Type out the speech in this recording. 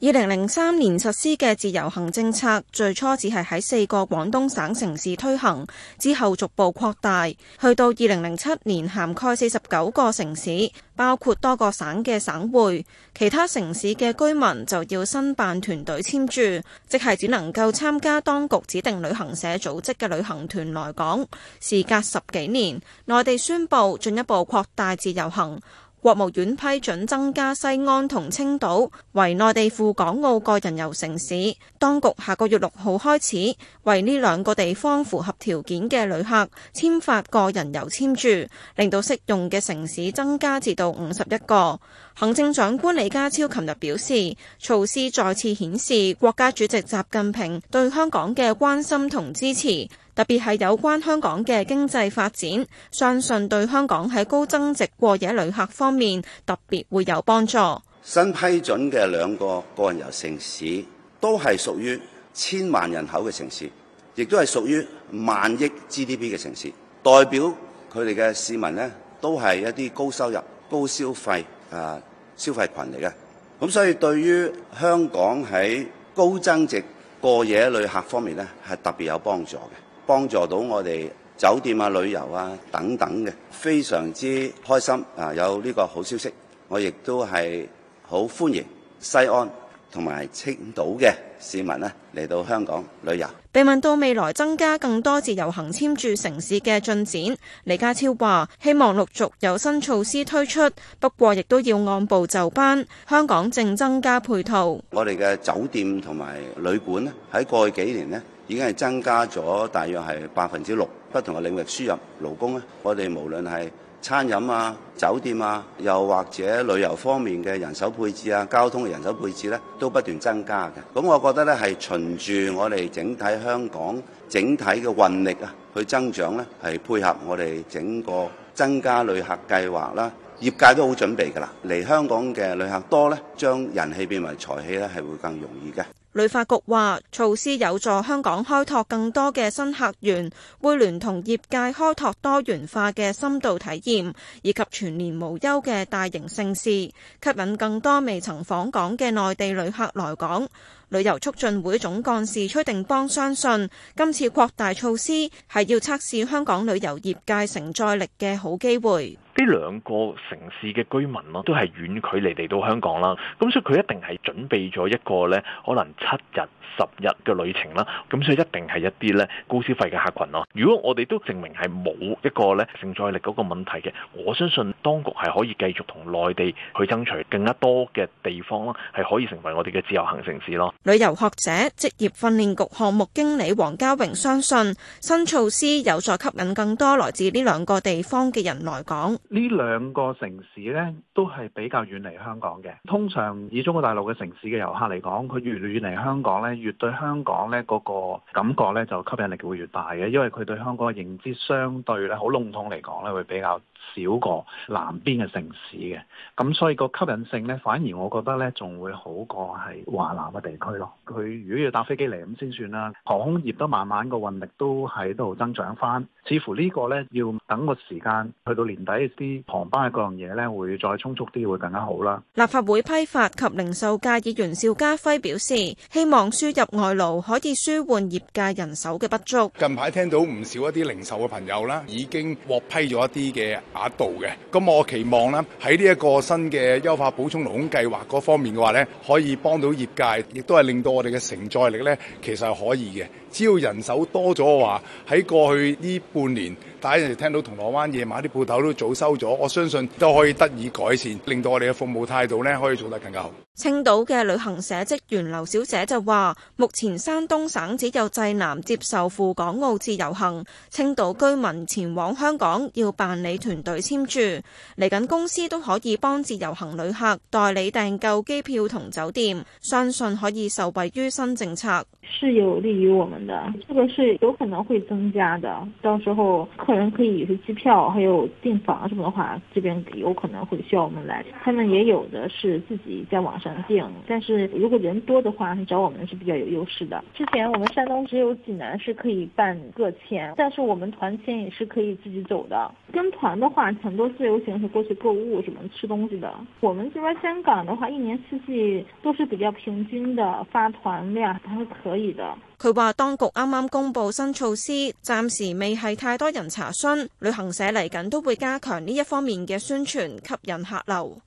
二零零三年實施嘅自由行政策，最初只係喺四個廣東省城市推行，之後逐步擴大，去到二零零七年涵蓋四十九個城市，包括多個省嘅省會。其他城市嘅居民就要申辦團隊簽注，即係只能夠參加當局指定旅行社組織嘅旅行團來港。時隔十幾年，內地宣布進一步擴大自由行。國務院批准增加西安同青島為內地赴港澳個人遊城市，當局下個月六號開始為呢兩個地方符合條件嘅旅客簽發個人遊簽注，令到適用嘅城市增加至到五十一個。行政長官李家超琴日表示，措施再次顯示國家主席習近平對香港嘅關心同支持。特別係有關香港嘅經濟發展，相信對香港喺高增值過夜旅客方面特別會有幫助。新批准嘅兩個個人遊城市都係屬於千萬人口嘅城市，亦都係屬於萬億 GDP 嘅城市，代表佢哋嘅市民呢都係一啲高收入、高消費啊消費群嚟嘅。咁所以對於香港喺高增值過夜旅客方面呢，係特別有幫助嘅。幫助到我哋酒店啊、旅遊啊等等嘅，非常之開心啊！有呢個好消息，我亦都係好歡迎西安同埋青島嘅市民呢嚟到香港旅遊。被問到未來增加更多自由行簽注城市嘅進展，李家超話：希望陸續有新措施推出，不過亦都要按部就班。香港正增加配套。我哋嘅酒店同埋旅館喺過去幾年呢已經係增加咗大約係百分之六，不同嘅領域輸入勞工咧，我哋無論係餐飲啊、酒店啊，又或者旅遊方面嘅人手配置啊、交通嘅人手配置咧，都不斷增加嘅。咁我覺得咧，係循住我哋整體香港整體嘅運力啊，去增長咧，係配合我哋整個增加旅客計劃啦，業界都好準備㗎啦。嚟香港嘅旅客多咧，將人氣變為財氣咧，係會更容易嘅。旅發局話，措施有助香港開拓更多嘅新客源，會聯同業界開拓多元化嘅深度體驗以及全年無憂嘅大型盛事，吸引更多未曾訪港嘅內地旅客來港。旅遊促進會總幹事崔定邦相信，今次擴大措施係要測試香港旅遊業界承載力嘅好機會。呢兩個城市嘅居民咯，都係遠距離嚟到香港啦，咁所以佢一定係準備咗一個呢可能七日、十日嘅旅程啦，咁所以一定係一啲呢高消費嘅客群咯。如果我哋都證明係冇一個呢承載力嗰個問題嘅，我相信當局係可以繼續同內地去爭取更加多嘅地方啦，係可以成為我哋嘅自由行城市咯。旅遊學者、職業訓練局項目經理黃家榮相信新措施有助吸引更多來自呢兩個地方嘅人來港。呢兩個城市呢都係比較遠離香港嘅。通常以中國大陸嘅城市嘅遊客嚟講，佢越遠離香港呢，越對香港呢嗰個感覺呢，就吸引力會越大嘅，因為佢對香港嘅認知相對呢，好籠統嚟講呢，會比較少過南邊嘅城市嘅，咁所以個吸引性呢，反而我覺得呢仲會好過係華南嘅地區咯。佢如果要搭飛機嚟咁先算啦，航空業都慢慢個運力都喺度增長返，似乎呢個呢要等個時間去到年底。啲航班嘅各樣嘢咧，會再充足啲，會更加好啦。立法會批發及零售界議員邵家輝表示，希望輸入外勞可以舒緩業界人手嘅不足。近排聽到唔少一啲零售嘅朋友啦，已經獲批咗一啲嘅額度嘅。咁我期望啦，喺呢一個新嘅優化補充勞工計劃嗰方面嘅話咧，可以幫到業界，亦都係令到我哋嘅承載力咧，其實係可以嘅。只要人手多咗嘅話，喺過去呢半年，大家有時聽到銅鑼灣夜晚啲鋪頭都早收。我相信都可以得以改善，令到我哋嘅服務態度咧可以做得更加好。青島嘅旅行社職員劉小姐就話：目前山東省只有濟南接受赴港澳自由行，青島居民前往香港要辦理團隊簽注。嚟緊，公司都可以幫自由行旅客代理訂購機票同酒店，相信可以受惠於新政策。是有利於我們的，這個是有可能會增加的。到時候客人可以訂機票，還有訂房什麼的話，這邊有可能會需要我們來。他們也有的是自己在網上。能定，但是如果人多的話，你找我們是比較有優勢的。之前我們山東只有濟南是可以辦個簽，但是我們團簽也是可以自己走的。跟團的話，很多自由行是過去購物什麼吃東西的。我們這邊香港的話，一年四季都是比較平均的發團量，還是可以的。佢話當局啱啱公布新措施，暫時未係太多人查詢。旅行社嚟緊都會加強呢一方面嘅宣傳，吸引客流。